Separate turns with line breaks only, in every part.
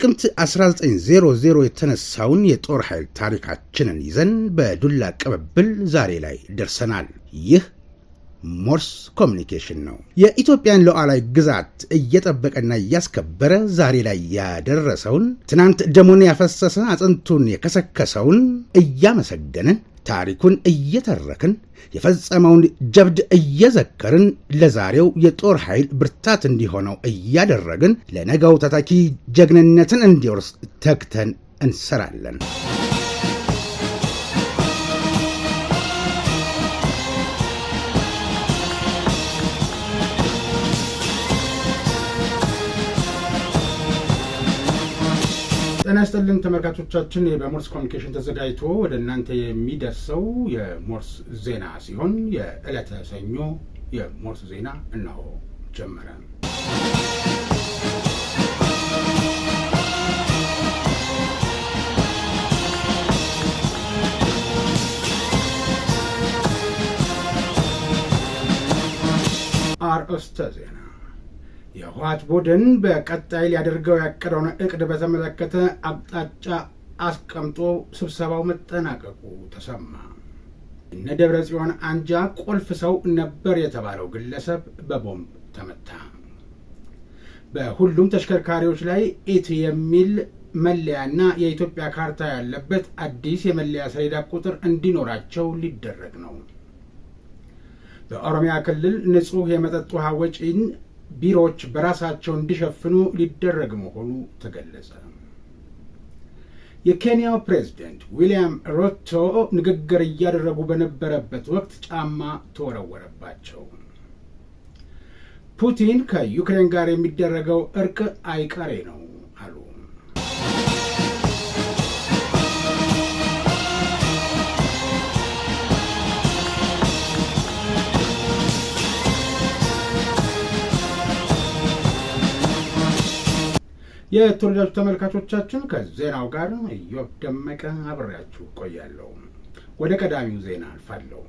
ጥቅምት 1900 የተነሳውን የጦር ኃይል ታሪካችንን ይዘን በዱላ ቅብብል ዛሬ ላይ ደርሰናል። ይህ ሞርስ ኮሚኒኬሽን ነው። የኢትዮጵያን ሉዓላዊ ግዛት እየጠበቀና እያስከበረ ዛሬ ላይ ያደረሰውን ትናንት ደሙን ያፈሰሰ አጥንቱን የከሰከሰውን እያመሰገነ ታሪኩን እየተረክን የፈጸመውን ጀብድ እየዘከርን ለዛሬው የጦር ኃይል ብርታት እንዲሆነው እያደረግን ለነገው ታታኪ ጀግንነትን እንዲወርስ ተግተን እንሰራለን። ጤና ይስጥልን ተመልካቾቻችን፣ በሞርስ ኮሚኒኬሽን ተዘጋጅቶ ወደ እናንተ የሚደርሰው የሞርስ ዜና ሲሆን የዕለተ ሰኞ የሞርስ ዜና እነሆ ጀመረ። አርእስተ ዜና የህወሓት ቡድን በቀጣይ ሊያደርገው ያቀደውን እቅድ በተመለከተ አቅጣጫ አስቀምጦ ስብሰባው መጠናቀቁ ተሰማ። እነ ደብረ ጽዮን አንጃ ቁልፍ ሰው ነበር የተባለው ግለሰብ በቦምብ ተመታ። በሁሉም ተሽከርካሪዎች ላይ ኢት የሚል መለያና የኢትዮጵያ ካርታ ያለበት አዲስ የመለያ ሰሌዳ ቁጥር እንዲኖራቸው ሊደረግ ነው። በኦሮሚያ ክልል ንጹህ የመጠጥ ውሃ ወጪን ቢሮዎች በራሳቸው እንዲሸፍኑ ሊደረግ መሆኑ ተገለጸ። የኬንያው ፕሬዝደንት ዊልያም ሮቶ ንግግር እያደረጉ በነበረበት ወቅት ጫማ ተወረወረባቸው። ፑቲን ከዩክሬን ጋር የሚደረገው እርቅ አይቀሬ ነው የተወደዳችሁ ተመልካቾቻችን ከዜናው ጋር ኢዮብ ደመቀ አብሬያችሁ ቆያለሁ። ወደ ቀዳሚው ዜና አልፋለሁ።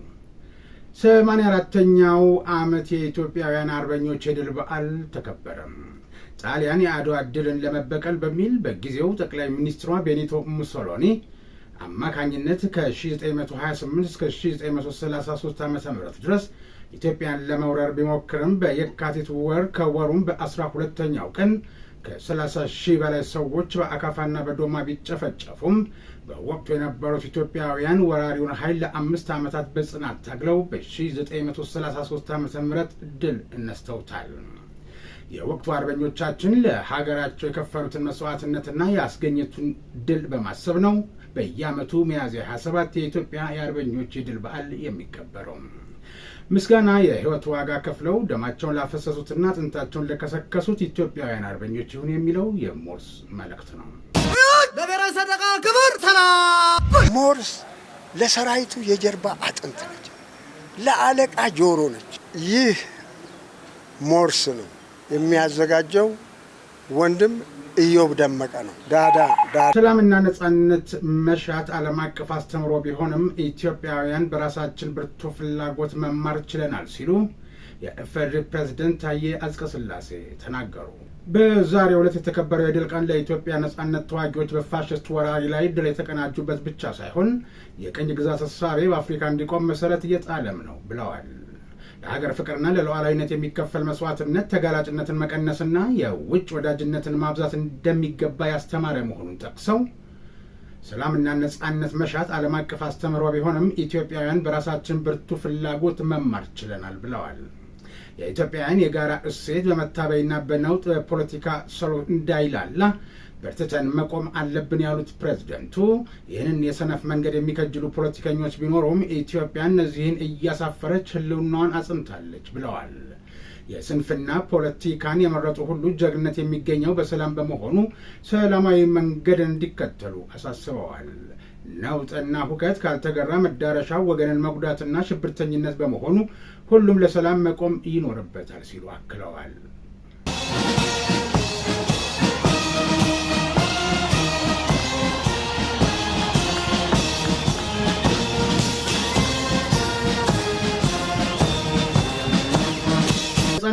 ሰማንያ አራተኛው ዓመት የኢትዮጵያውያን አርበኞች የድል በዓል ተከበረም። ጣሊያን የአድዋ ድልን ለመበቀል በሚል በጊዜው ጠቅላይ ሚኒስትሯ ቤኒቶ ሙሶሎኒ አማካኝነት ከ1928 እስከ 1933 ዓ ም ድረስ ኢትዮጵያን ለመውረር ቢሞክርም በየካቲት ወር ከወሩም 12 ተኛው ቀን ከሰላሳ ሺህ በላይ ሰዎች በአካፋና በዶማ ቢጨፈጨፉም በወቅቱ የነበሩት ኢትዮጵያውያን ወራሪውን ኃይል ለአምስት ዓመታት በጽናት ታግለው በ1933 ዓ ም ድል እነስተውታል። የወቅቱ አርበኞቻችን ለሀገራቸው የከፈሉትን መስዋዕትነትና ያስገኘቱን ድል በማሰብ ነው በየዓመቱ ሚያዝያ 27 የኢትዮጵያ የአርበኞች የድል በዓል የሚከበረው። ምስጋና የህይወት ዋጋ ከፍለው ደማቸውን ላፈሰሱትና አጥንታቸውን ለከሰከሱት ኢትዮጵያውያን አርበኞች ይሁን የሚለው የሞርስ መልእክት ነው።
ለብሔራዊ ሰደቃ ክብር ተላ ሞርስ ለሰራዊቱ የጀርባ አጥንት ነች፣ ለአለቃ ጆሮ ነች። ይህ ሞርስ ነው የሚያዘጋጀው ወንድም ኢዮብ ደመቀ ነው። ዳዳ
ሰላምና ነጻነት መሻት ዓለም አቀፍ አስተምሮ ቢሆንም ኢትዮጵያውያን በራሳችን ብርቱ ፍላጎት መማር ችለናል ሲሉ የኢፌዴሪ ፕሬዚደንት ታዬ አጽቀሥላሴ ተናገሩ። በዛሬው ዕለት የተከበረው የድል ቀን ለኢትዮጵያ ነጻነት ተዋጊዎች በፋሽስት ወራሪ ላይ ድል የተቀናጁበት ብቻ ሳይሆን የቅኝ ግዛት እሳቤ በአፍሪካ እንዲቆም መሰረት እየጣለም ነው ብለዋል። ለሀገር ፍቅርና ለሉዓላዊነት የሚከፈል መስዋዕትነት ተጋላጭነትን መቀነስና የውጭ ወዳጅነትን ማብዛት እንደሚገባ ያስተማረ መሆኑን ጠቅሰው ሰላምና ነጻነት መሻት ዓለም አቀፍ አስተምሮ ቢሆንም ኢትዮጵያውያን በራሳችን ብርቱ ፍላጎት መማር ችለናል ብለዋል። የኢትዮጵያውያን የጋራ እሴት በመታበይና በነውጥ በፖለቲካ ሰሎ እንዳይላላ በርትተን መቆም አለብን ያሉት ፕሬዝደንቱ ይህንን የሰነፍ መንገድ የሚከጅሉ ፖለቲከኞች ቢኖሩም ኢትዮጵያ እነዚህን እያሳፈረች ህልውናዋን አጽንታለች ብለዋል። የስንፍና ፖለቲካን የመረጡ ሁሉ ጀግነት የሚገኘው በሰላም በመሆኑ ሰላማዊ መንገድ እንዲከተሉ አሳስበዋል። ነውጥና ሁከት ካልተገራ መዳረሻው ወገንን መጉዳትና ሽብርተኝነት በመሆኑ ሁሉም ለሰላም መቆም ይኖርበታል ሲሉ አክለዋል።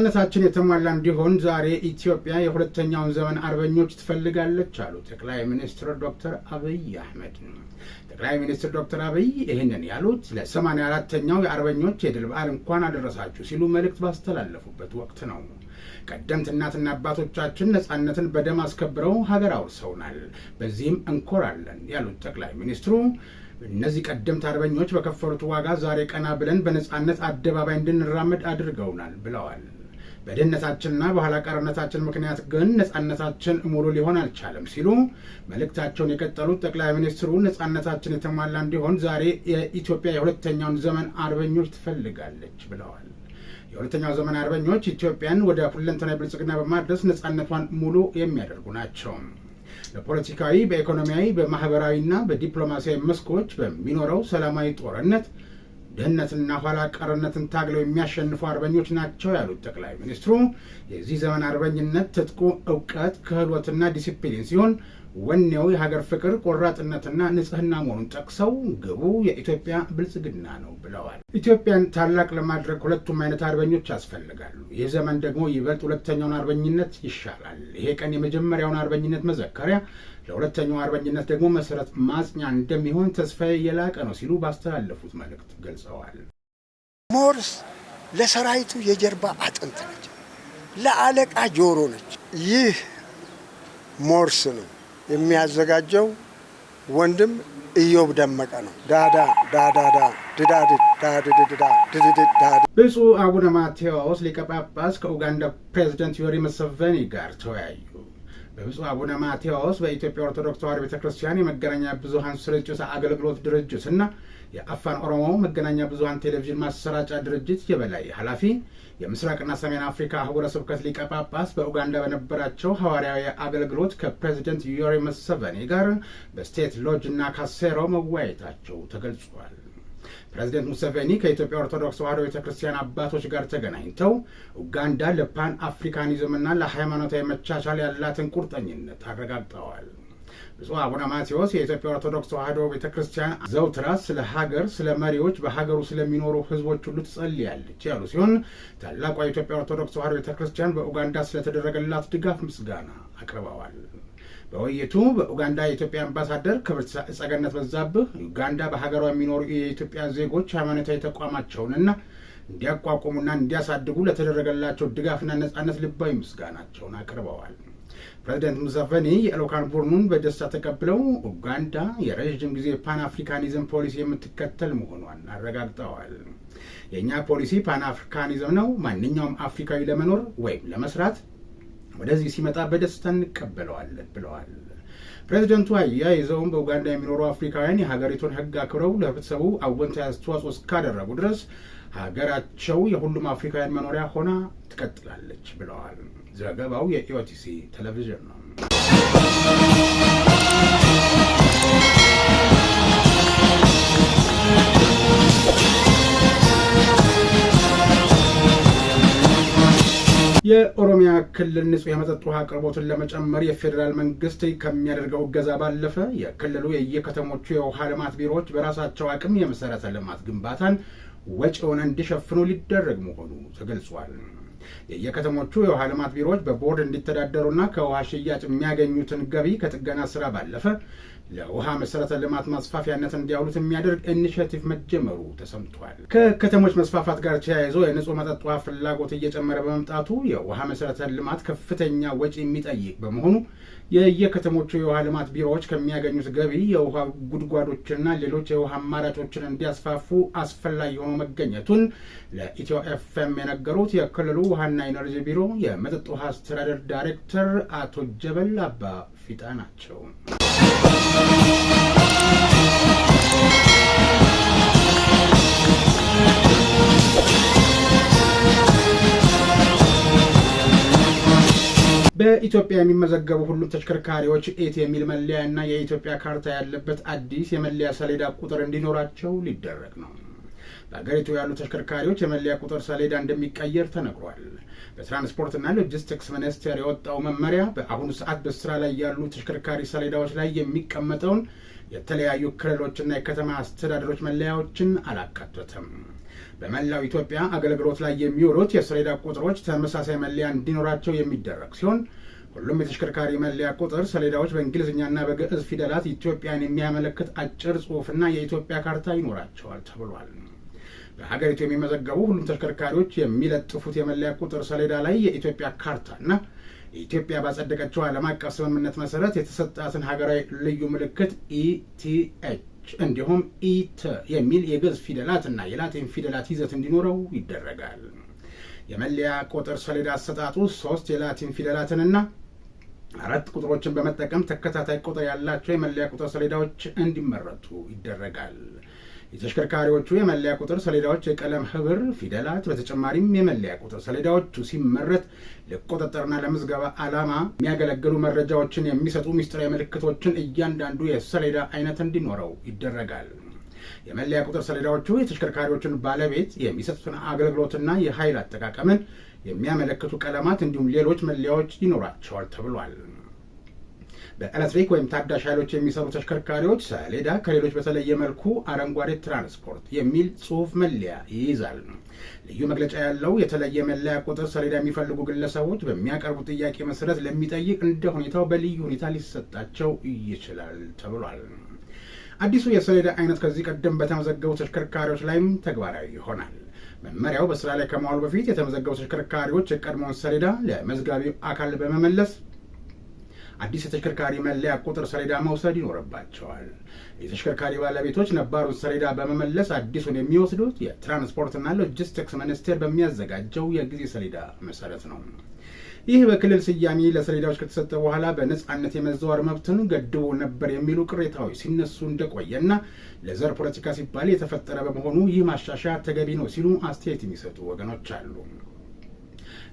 ነጻነታችን የተሟላ እንዲሆን ዛሬ ኢትዮጵያ የሁለተኛውን ዘመን አርበኞች ትፈልጋለች አሉ ጠቅላይ ሚኒስትር ዶክተር አብይ አህመድ። ጠቅላይ ሚኒስትር ዶክተር አብይ ይህንን ያሉት ለሰማንያ አራተኛው የአርበኞች የድል በዓል እንኳን አደረሳችሁ ሲሉ መልእክት ባስተላለፉበት ወቅት ነው። ቀደምት እናትና አባቶቻችን ነጻነትን በደም አስከብረው ሀገር አውርሰውናል፣ በዚህም እንኮራለን ያሉት ጠቅላይ ሚኒስትሩ እነዚህ ቀደምት አርበኞች በከፈሉት ዋጋ ዛሬ ቀና ብለን በነጻነት አደባባይ እንድንራመድ አድርገውናል ብለዋል። በድህነታችንና በኋላ ቀርነታችን ምክንያት ግን ነፃነታችን ሙሉ ሊሆን አልቻለም ሲሉ መልእክታቸውን የቀጠሉት ጠቅላይ ሚኒስትሩ ነፃነታችን የተሟላ እንዲሆን ዛሬ የኢትዮጵያ የሁለተኛውን ዘመን አርበኞች ትፈልጋለች ብለዋል። የሁለተኛው ዘመን አርበኞች ኢትዮጵያን ወደ ሁለንተና ብልጽግና በማድረስ ነፃነቷን ሙሉ የሚያደርጉ ናቸው። በፖለቲካዊ፣ በኢኮኖሚያዊ፣ በማህበራዊና በዲፕሎማሲያዊ መስኮች በሚኖረው ሰላማዊ ጦርነት ደህንነትና ኋላ ቀርነትን ታግለው የሚያሸንፉ አርበኞች ናቸው ያሉት ጠቅላይ ሚኒስትሩ የዚህ ዘመን አርበኝነት ትጥቁ እውቀት፣ ክህሎትና ዲሲፕሊን ሲሆን ወኔው የሀገር ፍቅር ቆራጥነትና ንጽህና መሆኑን ጠቅሰው ግቡ የኢትዮጵያ ብልጽግና ነው ብለዋል። ኢትዮጵያን ታላቅ ለማድረግ ሁለቱም አይነት አርበኞች ያስፈልጋሉ። ይህ ዘመን ደግሞ ይበልጥ ሁለተኛውን አርበኝነት ይሻላል። ይሄ ቀን የመጀመሪያውን አርበኝነት መዘከሪያ፣ ለሁለተኛው አርበኝነት ደግሞ መሰረት ማጽኛ እንደሚሆን ተስፋዬ የላቀ ነው ሲሉ ባስተላለፉት መልእክት ገልጸዋል።
ሞርስ ለሰራዊቱ የጀርባ አጥንት ነች፣ ለአለቃ ጆሮ ነች። ይህ ሞርስ ነው። የሚያዘጋጀው ወንድም ኢዮብ ደመቀ ነው። ዳዳ ዳዳዳ
ብፁዕ አቡነ ማቴዎስ ሊቀ ጳጳስ ከኡጋንዳ ፕሬዝደንት ዮሪ መሰቨኒ ጋር ተወያዩ። በብፁዕ አቡነ ማቴዎስ በኢትዮጵያ ኦርቶዶክስ ተዋሕዶ ቤተ ክርስቲያን የመገናኛ ብዙኃን ስርጭት አገልግሎት ድርጅት እና የአፋን ኦሮሞ መገናኛ ብዙሀን ቴሌቪዥን ማሰራጫ ድርጅት የበላይ ኃላፊ የምስራቅና ሰሜን አፍሪካ አህጉረ ስብከት ሊቀ ጳጳስ በኡጋንዳ በነበራቸው ሐዋርያዊ አገልግሎት ከፕሬዚደንት ዮዌሪ ሙሴቬኒ ጋር በስቴት ሎጅ እና ካሴሮ መወያየታቸው ተገልጿል። ፕሬዚደንት ሙሴቬኒ ከኢትዮጵያ ኦርቶዶክስ ተዋሕዶ ቤተ ክርስቲያን አባቶች ጋር ተገናኝተው ኡጋንዳ ለፓን አፍሪካኒዝምና ለሃይማኖታዊ መቻቻል ያላትን ቁርጠኝነት አረጋግጠዋል። ብፁዕ አቡነ ማቴዎስ የኢትዮጵያ ኦርቶዶክስ ተዋሕዶ ቤተ ክርስቲያን ዘውትራ ስለ ሀገር፣ ስለ መሪዎች፣ በሀገሩ ስለሚኖሩ ህዝቦች ሁሉ ትጸልያለች ያሉ ሲሆን ታላቋ የኢትዮጵያ ኦርቶዶክስ ተዋሕዶ ቤተ ክርስቲያን በኡጋንዳ ስለተደረገላት ድጋፍ ምስጋና አቅርበዋል። በውይይቱ በኡጋንዳ የኢትዮጵያ አምባሳደር ክብርት ጸገነት በዛብህ ዩጋንዳ በሀገሯ የሚኖሩ የኢትዮጵያ ዜጎች ሃይማኖታዊ ተቋማቸውንና እንዲያቋቁሙና እንዲያሳድጉ ለተደረገላቸው ድጋፍና ነጻነት ልባዊ ምስጋናቸውን አቅርበዋል። ፕሬዚደንት ሙሳቬኒ የልኡካን ቡድኑን በደስታ ተቀብለው ኡጋንዳ የረዥም ጊዜ ፓን አፍሪካኒዝም ፖሊሲ የምትከተል መሆኗን አረጋግጠዋል። የእኛ ፖሊሲ ፓን አፍሪካኒዝም ነው። ማንኛውም አፍሪካዊ ለመኖር ወይም ለመስራት ወደዚህ ሲመጣ በደስታ እንቀበለዋለን ብለዋል። ፕሬዚደንቱ አያይዘውም በኡጋንዳ የሚኖሩ አፍሪካውያን የሀገሪቱን ሕግ አክብረው ለህብረተሰቡ አወንታዊ አስተዋጽኦ እስካደረጉ ድረስ ሀገራቸው የሁሉም አፍሪካውያን መኖሪያ ሆና ትቀጥላለች ብለዋል። ዘገባው የኢኦቲሲ ቴሌቪዥን ነው። የኦሮሚያ ክልል ንጹህ የመጠጥ ውሃ አቅርቦትን ለመጨመር የፌዴራል መንግስት ከሚያደርገው እገዛ ባለፈ የክልሉ የየከተሞቹ የውሃ ልማት ቢሮዎች በራሳቸው አቅም የመሰረተ ልማት ግንባታን ወጪውን እንዲሸፍኑ ሊደረግ መሆኑ ተገልጿል። የየከተሞቹ የውሃ ልማት ቢሮዎች በቦርድ እንዲተዳደሩና ከውሃ ሽያጭ የሚያገኙትን ገቢ ከጥገና ስራ ባለፈ ለውሃ መሰረተ ልማት ማስፋፊያነት እንዲያውሉት የሚያደርግ ኢኒሽቲቭ መጀመሩ ተሰምቷል። ከከተሞች መስፋፋት ጋር ተያይዞ የንጹህ መጠጥ ውሃ ፍላጎት እየጨመረ በመምጣቱ የውሃ መሰረተ ልማት ከፍተኛ ወጪ የሚጠይቅ በመሆኑ የየከተሞቹ የውሃ ልማት ቢሮዎች ከሚያገኙት ገቢ የውሃ ጉድጓዶችና ሌሎች የውሃ አማራጮችን እንዲያስፋፉ አስፈላጊ ሆኖ መገኘቱን ለኢትዮ ኤፍኤም የነገሩት የክልሉ ውሃና ኢነርጂ ቢሮ የመጠጥ ውሃ አስተዳደር ዳይሬክተር አቶ ጀበል አባ ፊጣ ናቸው። በኢትዮጵያ የሚመዘገቡ ሁሉም ተሽከርካሪዎች ኤት የሚል መለያ እና የኢትዮጵያ ካርታ ያለበት አዲስ የመለያ ሰሌዳ ቁጥር እንዲኖራቸው ሊደረግ ነው። በሀገሪቱ ያሉ ተሽከርካሪዎች የመለያ ቁጥር ሰሌዳ እንደሚቀየር ተነግሯል። በትራንስፖርትና ሎጂስቲክስ ሚኒስቴር የወጣው መመሪያ በአሁኑ ሰዓት በስራ ላይ ያሉ ተሽከርካሪ ሰሌዳዎች ላይ የሚቀመጠውን የተለያዩ ክልሎችና የከተማ አስተዳደሮች መለያዎችን አላካተተም። በመላው ኢትዮጵያ አገልግሎት ላይ የሚውሉት የሰሌዳ ቁጥሮች ተመሳሳይ መለያ እንዲኖራቸው የሚደረግ ሲሆን ሁሉም የተሽከርካሪ መለያ ቁጥር ሰሌዳዎች በእንግሊዝኛና በግዕዝ ፊደላት ኢትዮጵያን የሚያመለክት አጭር ጽሑፍና የኢትዮጵያ ካርታ ይኖራቸዋል ተብሏል። በሀገሪቱ የሚመዘገቡ ሁሉም ተሽከርካሪዎች የሚለጥፉት የመለያ ቁጥር ሰሌዳ ላይ የኢትዮጵያ ካርታና ኢትዮጵያ ባጸደቀችው ዓለም አቀፍ ስምምነት መሰረት የተሰጣትን ሀገራዊ ልዩ ምልክት ኢቲኤች እንዲሁም ኢት የሚል የግዕዝ ፊደላትና የላቲን ፊደላት ይዘት እንዲኖረው ይደረጋል። የመለያ ቁጥር ሰሌዳ አሰጣጡ ሶስት የላቲን ፊደላትንና አራት ቁጥሮችን በመጠቀም ተከታታይ ቁጥር ያላቸው የመለያ ቁጥር ሰሌዳዎች እንዲመረቱ ይደረጋል። የተሽከርካሪዎቹ የመለያ ቁጥር ሰሌዳዎች የቀለም ህብር፣ ፊደላት በተጨማሪም የመለያ ቁጥር ሰሌዳዎቹ ሲመረት ለቁጥጥርና ለምዝገባ ዓላማ የሚያገለግሉ መረጃዎችን የሚሰጡ ምስጢራዊ ምልክቶችን እያንዳንዱ የሰሌዳ አይነት እንዲኖረው ይደረጋል። የመለያ ቁጥር ሰሌዳዎቹ የተሽከርካሪዎችን ባለቤት የሚሰጡትን አገልግሎትና የኃይል አጠቃቀምን የሚያመለክቱ ቀለማት እንዲሁም ሌሎች መለያዎች ይኖራቸዋል ተብሏል። በኤሌክትሪክ ወይም ታዳሽ ኃይሎች የሚሰሩ ተሽከርካሪዎች ሰሌዳ ከሌሎች በተለየ መልኩ አረንጓዴ ትራንስፖርት የሚል ጽሑፍ መለያ ይይዛል። ልዩ መግለጫ ያለው የተለየ መለያ ቁጥር ሰሌዳ የሚፈልጉ ግለሰቦች በሚያቀርቡት ጥያቄ መሰረት ለሚጠይቅ እንደ ሁኔታው በልዩ ሁኔታ ሊሰጣቸው ይችላል ተብሏል። አዲሱ የሰሌዳ አይነት ከዚህ ቀደም በተመዘገቡ ተሽከርካሪዎች ላይም ተግባራዊ ይሆናል። መመሪያው በስራ ላይ ከመዋሉ በፊት የተመዘገቡ ተሽከርካሪዎች የቀድሞውን ሰሌዳ ለመዝጋቢው አካል በመመለስ አዲስ የተሽከርካሪ መለያ ቁጥር ሰሌዳ መውሰድ ይኖርባቸዋል። የተሽከርካሪ ባለቤቶች ነባሩን ሰሌዳ በመመለስ አዲሱን የሚወስዱት የትራንስፖርትና ሎጂስቲክስ ሚኒስቴር በሚያዘጋጀው የጊዜ ሰሌዳ መሰረት ነው። ይህ በክልል ስያሜ ለሰሌዳዎች ከተሰጠ በኋላ በነጻነት የመዘዋወር መብትን ገድቦ ነበር የሚሉ ቅሬታዎች ሲነሱ እንደቆየና ለዘር ፖለቲካ ሲባል የተፈጠረ በመሆኑ ይህ ማሻሻያ ተገቢ ነው ሲሉ አስተያየት የሚሰጡ ወገኖች አሉ።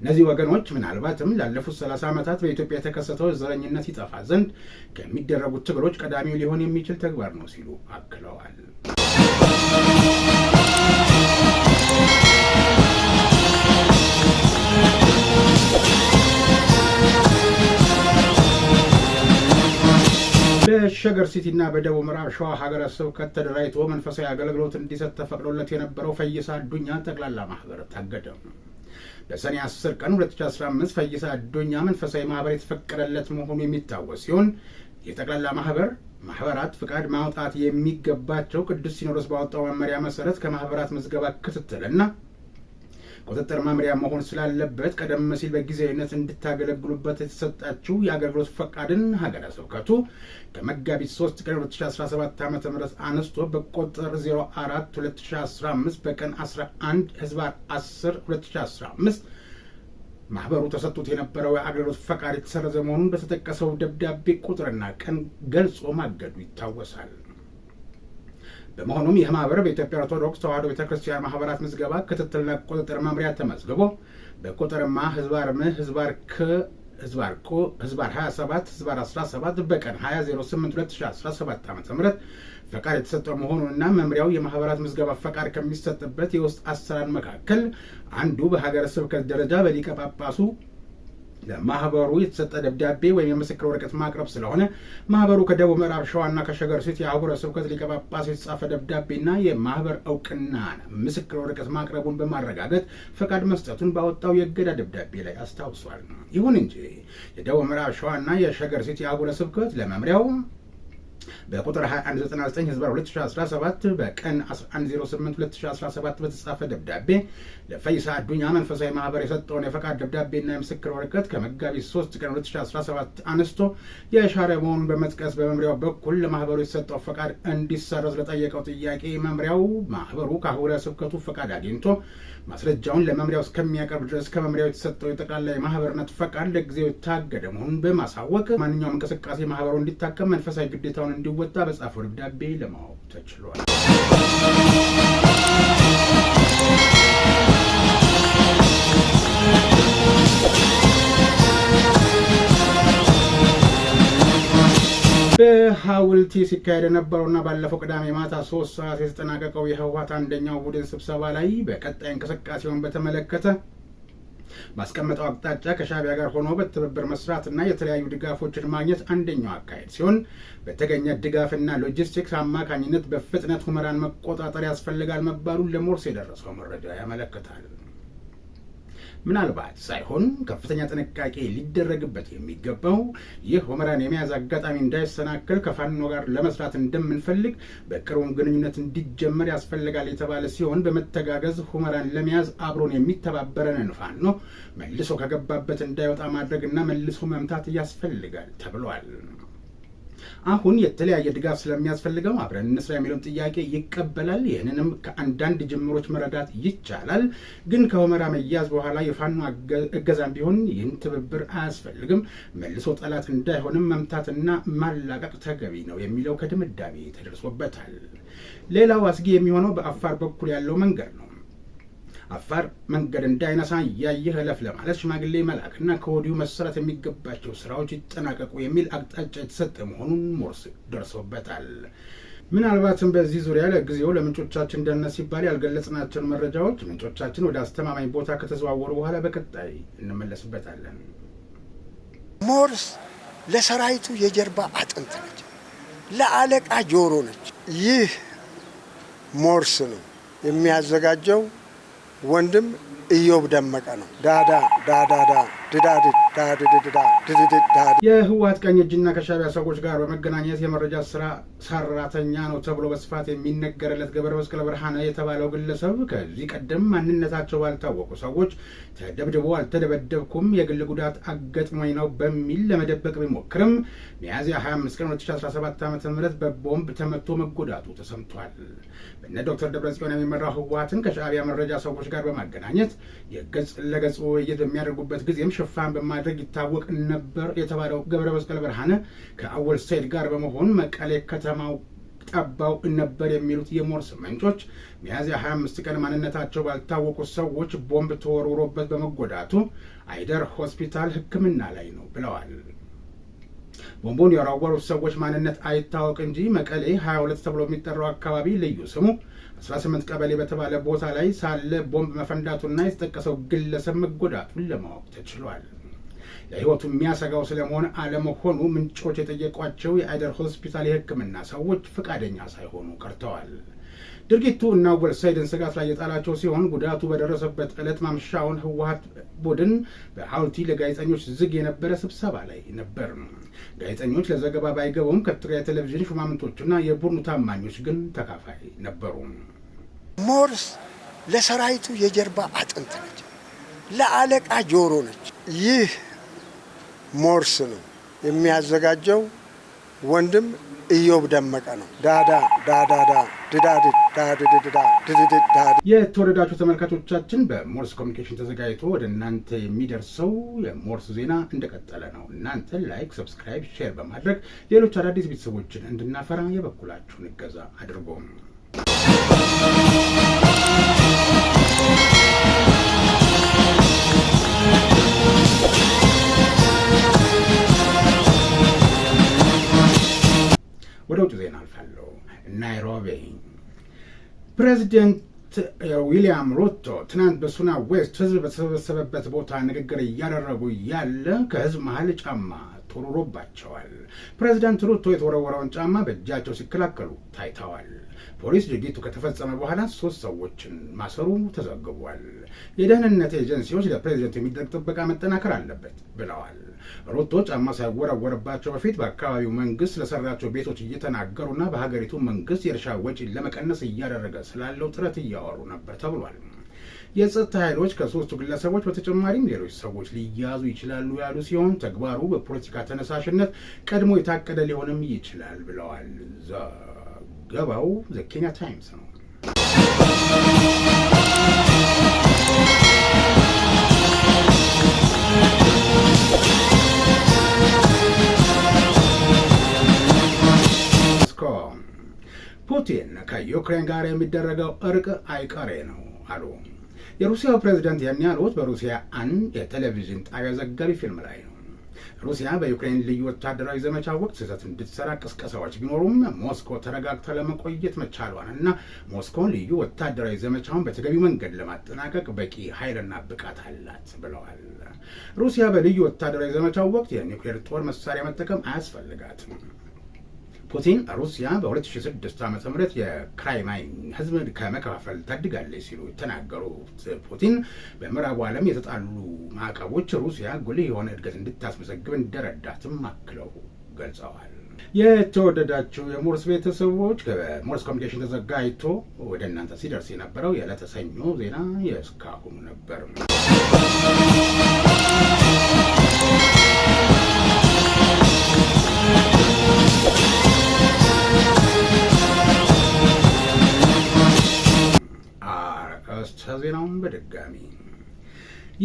እነዚህ ወገኖች ምናልባትም ላለፉት ሰላሳ ዓመታት በኢትዮጵያ የተከሰተው ዘረኝነት ይጠፋ ዘንድ ከሚደረጉት ትግሎች ቀዳሚው ሊሆን የሚችል ተግባር ነው ሲሉ አክለዋል። በሸገር ሲቲና በደቡብ ምዕራብ ሸዋ ሀገረ ስብከት ተደራጅቶ መንፈሳዊ አገልግሎት እንዲሰጥ ተፈቅዶለት የነበረው ፈይሳ አዱኛ ጠቅላላ ማህበር ታገደ። በሰኔ 10 ቀን 2015 ፈይሳ አዱኛ መንፈሳዊ ማህበር የተፈቀደለት መሆኑ የሚታወስ ሲሆን የጠቅላላ ማህበር ማህበራት ፍቃድ ማውጣት የሚገባቸው ቅዱስ ሲኖዶስ ባወጣው መመሪያ መሰረት ከማህበራት ምዝገባ ክትትልና ቁጥጥር መምሪያ መሆን ስላለበት ቀደም ሲል በጊዜያዊነት እንድታገለግሉበት የተሰጣችው የአገልግሎት ፈቃድን ሀገረ ስብከቱ ከመጋቢት 3 ቀን 2017 ዓ ም አነስቶ በቁጥር 04 2015 በቀን 11 ህዝባር 10 2015 ማህበሩ ተሰጥቶት የነበረው የአገልግሎት ፈቃድ የተሰረዘ መሆኑን በተጠቀሰው ደብዳቤ ቁጥርና ቀን ገልጾ ማገዱ ይታወሳል። በመሆኑም ይህ ማህበር በኢትዮጵያ ኦርቶዶክስ ተዋሕዶ ቤተ ክርስቲያን ማህበራት ምዝገባ ክትትልና ቁጥጥር መምሪያ ተመዝግቦ በቁጥርማ ህዝባር ም ህዝባር ክ ህዝባር ቁ ህዝባር 27 ህዝባር 17 በቀን 20 2017 ዓ ም ፈቃድ የተሰጠው መሆኑንና መምሪያው የማህበራት ምዝገባ ፈቃድ ከሚሰጥበት የውስጥ አሰራር መካከል አንዱ በሀገረ ስብከት ደረጃ በሊቀ ጳጳሱ ለማህበሩ የተሰጠ ደብዳቤ ወይም የምስክር ወረቀት ማቅረብ ስለሆነ ማህበሩ ከደቡብ ምዕራብ ሸዋና ከሸገር ሴት የአህጉረ ስብከት ሊቀ ጳጳስ የተጻፈ ደብዳቤና የማህበር እውቅና ምስክር ወረቀት ማቅረቡን በማረጋገጥ ፈቃድ መስጠቱን ባወጣው የእገዳ ደብዳቤ ላይ አስታውሷል። ይሁን እንጂ የደቡብ ምዕራብ ሸዋና የሸገር ሴት የአህጉረ ስብከት ለመምሪያው በቁጥር 2199 ህዝባ 2017 በቀን 1108 2017 በተጻፈ ደብዳቤ ለፈይሳ አዱኛ መንፈሳዊ ማህበር የሰጠውን የፈቃድ ደብዳቤና የምስክር ወረቀት ከመጋቢት 3 ቀን 2017 አነስቶ የሻረ መሆኑን በመጥቀስ በመምሪያው በኩል ለማህበሩ የተሰጠው ፈቃድ እንዲሰረዝ ለጠየቀው ጥያቄ መምሪያው ማህበሩ ከአህጉረ ስብከቱ ፈቃድ አግኝቶ ማስረጃውን ለመምሪያው እስከሚያቀርብ ድረስ ከመምሪያው የተሰጠው የጠቅላላ የማህበርነት ፈቃድ ለጊዜው የታገደ መሆኑን በማሳወቅ ማንኛውም እንቅስቃሴ ማህበሩ እንዲታከም መንፈሳዊ ግዴታውን ሚናውን እንዲወጣ በጻፈው ደብዳቤ ለማወቅ ተችሏል። በሐውልቲ ሲካሄድ የነበረውና ባለፈው ቅዳሜ ማታ ሶስት ሰዓት የተጠናቀቀው የህወሓት አንደኛው ቡድን ስብሰባ ላይ በቀጣይ እንቅስቃሴውን በተመለከተ ባስቀመጠው አቅጣጫ ከሻቢያ ጋር ሆኖ በትብብር መስራትና የተለያዩ ድጋፎችን ማግኘት አንደኛው አካሄድ ሲሆን በተገኘ ድጋፍና ሎጂስቲክስ አማካኝነት በፍጥነት ሁመራን መቆጣጠር ያስፈልጋል መባሉን ለሞርስ የደረሰው መረጃ ያመለክታል። ምናልባት ሳይሆን ከፍተኛ ጥንቃቄ ሊደረግበት የሚገባው ይህ ሁመራን የመያዝ አጋጣሚ እንዳይሰናከል ከፋኖ ጋር ለመስራት እንደምንፈልግ በቅርቡም ግንኙነት እንዲጀመር ያስፈልጋል የተባለ ሲሆን በመተጋገዝ ሁመራን ለመያዝ አብሮን የሚተባበረንን ፋኖ መልሶ ከገባበት እንዳይወጣ ማድረግና መልሶ መምታት ያስፈልጋል ተብሏል። አሁን የተለያየ ድጋፍ ስለሚያስፈልገው አብረን እንስራ የሚለውን ጥያቄ ይቀበላል። ይህንንም ከአንዳንድ ጅምሮች መረዳት ይቻላል። ግን ከሆመራ መያዝ በኋላ የፋኖ እገዛም ቢሆን ይህን ትብብር አያስፈልግም። መልሶ ጠላት እንዳይሆንም መምታትና ማላቀቅ ተገቢ ነው የሚለው ከድምዳሜ ተደርሶበታል። ሌላው አስጊ የሚሆነው በአፋር በኩል ያለው መንገድ ነው። አፋር መንገድ እንዳይነሳ ያየህ እለፍ ለማለት ሽማግሌ መላክና ከወዲሁ መሰረት የሚገባቸው ስራዎች ይጠናቀቁ የሚል አቅጣጫ የተሰጠ መሆኑን ሞርስ ደርሶበታል። ምናልባትም በዚህ ዙሪያ ለጊዜው ለምንጮቻችን ደህንነት ሲባል ያልገለጽናቸውን መረጃዎች ምንጮቻችን ወደ አስተማማኝ ቦታ ከተዘዋወሩ በኋላ በቀጣይ እንመለስበታለን።
ሞርስ ለሰራዊቱ የጀርባ አጥንት ነች፣ ለአለቃ ጆሮ ነች። ይህ ሞርስ ነው የሚያዘጋጀው ወንድም ኢዮብ ደመቀ ነው። ዳዳ
የህወሀት ቀኝ እጅና ከሻቢያ ሰዎች ጋር በመገናኘት የመረጃ ስራ ሰራተኛ ነው ተብሎ በስፋት የሚነገርለት ገብረ መስቀል ብርሃነ የተባለው ግለሰብ ከዚህ ቀደም ማንነታቸው ባልታወቁ ሰዎች ተደብድቦ አልተደበደብኩም፣ የግል ጉዳት አገጥሞኝ ነው በሚል ለመደበቅ ቢሞክርም ሚያዝያ 25 ቀን 2017 ዓ ም በቦምብ ተመቶ መጎዳቱ ተሰምቷል። በነ ዶክተር ደብረጽዮን የሚመራው ህወሀትን ከሻቢያ መረጃ ሰዎች ጋር በማገናኘት የገጽ ለገጽ ውይይት በሚያደርጉበት ጊዜም ሽፋን በማድረግ ይታወቅ ነበር የተባለው ገብረ መስቀል ብርሃነ ከአወል ሰይድ ጋር በመሆን መቀሌ ከተማው ጠባው ነበር የሚሉት የሞርስ ምንጮች ሚያዝያ 25 ቀን ማንነታቸው ባልታወቁ ሰዎች ቦምብ ተወርውሮበት በመጎዳቱ አይደር ሆስፒታል ሕክምና ላይ ነው ብለዋል። ቦምቡን የወረወሩት ሰዎች ማንነት አይታወቅ እንጂ መቀሌ 22 ተብሎ የሚጠራው አካባቢ ልዩ ስሙ 18 ቀበሌ በተባለ ቦታ ላይ ሳለ ቦምብ መፈንዳቱና የተጠቀሰው ግለሰብ መጎዳቱን ለማወቅ ተችሏል። ለሕይወቱ የሚያሰጋው ስለመሆን አለመሆኑ ምንጮች የጠየቋቸው የአይደር ሆስፒታል የሕክምና ሰዎች ፈቃደኛ ሳይሆኑ ቀርተዋል። ድርጊቱ እና ወልሳይድን ስጋት ላይ የጣላቸው ሲሆን ጉዳቱ በደረሰበት ዕለት ማምሻውን ህወሀት ቡድን በሐውልቲ ለጋዜጠኞች ዝግ የነበረ ስብሰባ ላይ ነበር። ጋዜጠኞች ለዘገባ ባይገቡም ከትግራይ ቴሌቪዥን ሹማምንቶችና የቡድኑ ታማኞች ግን ተካፋይ ነበሩ።
ሞርስ ለሰራዊቱ የጀርባ አጥንት ነች፣ ለአለቃ ጆሮ ነች። ይህ ሞርስ ነው የሚያዘጋጀው። ወንድም ኢዮብ ደመቀ ነው። ዳዳ ዳዳዳ
የተወደዳችሁ ተመልካቾቻችን በሞርስ ኮሚኒኬሽን ተዘጋጅቶ ወደ እናንተ የሚደርሰው የሞርስ ዜና እንደቀጠለ ነው። እናንተ ላይክ፣ ሰብስክራይብ፣ ሼር በማድረግ ሌሎች አዳዲስ ቤተሰቦችን እንድናፈራ የበኩላችሁን እገዛ አድርጎም ወደ ውጭ ዜና ናይሮቢ ፕሬዚደንት ዊሊያም ሩቶ ትናንት በሱና ዌስት ህዝብ በተሰበሰበበት ቦታ ንግግር እያደረጉ ያለ ከህዝብ መሀል ጫማ ተወርሮባቸዋል። ፕሬዚዳንት ሩቶ የተወረወረውን ጫማ በእጃቸው ሲከላከሉ ታይተዋል። ፖሊስ ድርጊቱ ከተፈጸመ በኋላ ሶስት ሰዎችን ማሰሩ ተዘግቧል። የደህንነት ኤጀንሲዎች ለፕሬዚደንት የሚደረግ ጥበቃ መጠናከር አለበት ብለዋል። ሩቶ ጫማ ሳይወረወረባቸው በፊት በአካባቢው መንግስት ለሰራቸው ቤቶች እየተናገሩና በሀገሪቱ መንግስት የእርሻ ወጪ ለመቀነስ እያደረገ ስላለው ጥረት እያወሩ ነበር ተብሏል። የጸጥታ ኃይሎች ከሶስቱ ግለሰቦች በተጨማሪም ሌሎች ሰዎች ሊያዙ ይችላሉ ያሉ ሲሆን ተግባሩ በፖለቲካ ተነሳሽነት ቀድሞ የታቀደ ሊሆንም ይችላል ብለዋል። ዘገባው ዘኬኛ ታይምስ ነው። ፑቲን ከዩክሬን ጋር የሚደረገው እርቅ አይቀሬ ነው አሉ። የሩሲያው ፕሬዝደንት ያን ያሉት በሩሲያ አንድ የቴሌቪዥን ጣቢያ ዘጋቢ ፊልም ላይ ነው። ሩሲያ በዩክሬን ልዩ ወታደራዊ ዘመቻ ወቅት ስህተት እንድትሰራ ቅስቀሳዎች ቢኖሩም ሞስኮ ተረጋግታ ለመቆየት መቻሏን እና ሞስኮን ልዩ ወታደራዊ ዘመቻውን በተገቢ መንገድ ለማጠናቀቅ በቂ ኃይልና ብቃት አላት ብለዋል። ሩሲያ በልዩ ወታደራዊ ዘመቻው ወቅት የኒውክሌር ጦር መሳሪያ መጠቀም አያስፈልጋትም። ፑቲን ሩሲያ በ2006 ዓ ም የክራይማይን ህዝብ ከመከፋፈል ታድጋለች ሲሉ የተናገሩት ፑቲን በምዕራቡ ዓለም የተጣሉ ማዕቀቦች ሩሲያ ጉልህ የሆነ እድገት እንድታስመዘግብ እንደረዳትም አክለው ገልጸዋል። የተወደዳችሁ የሞርስ ቤተሰቦች ከሞርስ ኮሚኒኬሽን ተዘጋጅቶ ወደ እናንተ ሲደርስ የነበረው የዕለተ ሰኞ ዜና የእስካሁኑ ነበር። ዜናውን በድጋሚ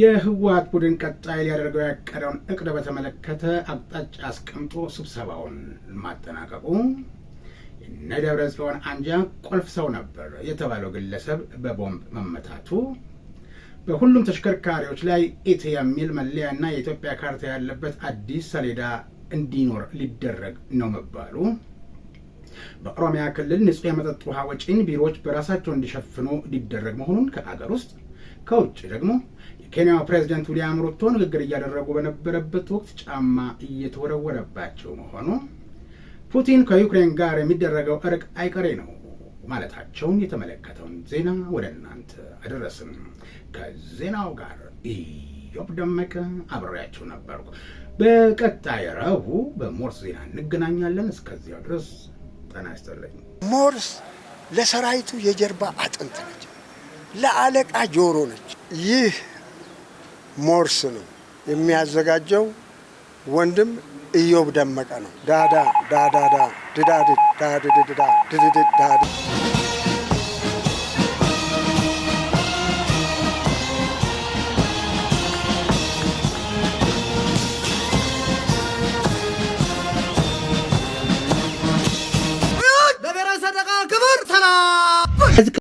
የህወሀት ቡድን ቀጣይ ሊያደርገው ያቀደውን እቅድ በተመለከተ አቅጣጫ አስቀምጦ ስብሰባውን ማጠናቀቁ፣ የነ ደብረ ጽዮን አንጃ ቆልፍ ሰው ነበር የተባለው ግለሰብ በቦምብ መመታቱ፣ በሁሉም ተሽከርካሪዎች ላይ ኢት የሚል መለያና የኢትዮጵያ ካርታ ያለበት አዲስ ሰሌዳ እንዲኖር ሊደረግ ነው መባሉ በኦሮሚያ ክልል ንጹህ የመጠጥ ውሃ ወጪን ቢሮዎች በራሳቸው እንዲሸፍኑ ሊደረግ መሆኑን ከአገር ውስጥ ከውጭ ደግሞ የኬንያው ፕሬዚደንት ዊሊያም ሩቶ ንግግር እያደረጉ በነበረበት ወቅት ጫማ እየተወረወረባቸው መሆኑ፣ ፑቲን ከዩክሬን ጋር የሚደረገው እርቅ አይቀሬ ነው ማለታቸውን የተመለከተውን ዜና ወደ እናንተ አደረስን። ከዜናው ጋር ኢዮብ ደመቀ አብሬያቸው ነበርኩ። በቀጣይ ረቡዕ በሞርስ ዜና እንገናኛለን። እስከዚያው ድረስ ጤና
ይስጥልኝ። ሞርስ ለሰራዊቱ የጀርባ አጥንት ነች፣ ለአለቃ ጆሮ ነች። ይህ ሞርስ ነው የሚያዘጋጀው። ወንድም እዮብ ደመቀ ነው። ዳዳ ዳዳዳ ድዳድ ዳድድዳ ድድድ ዳድ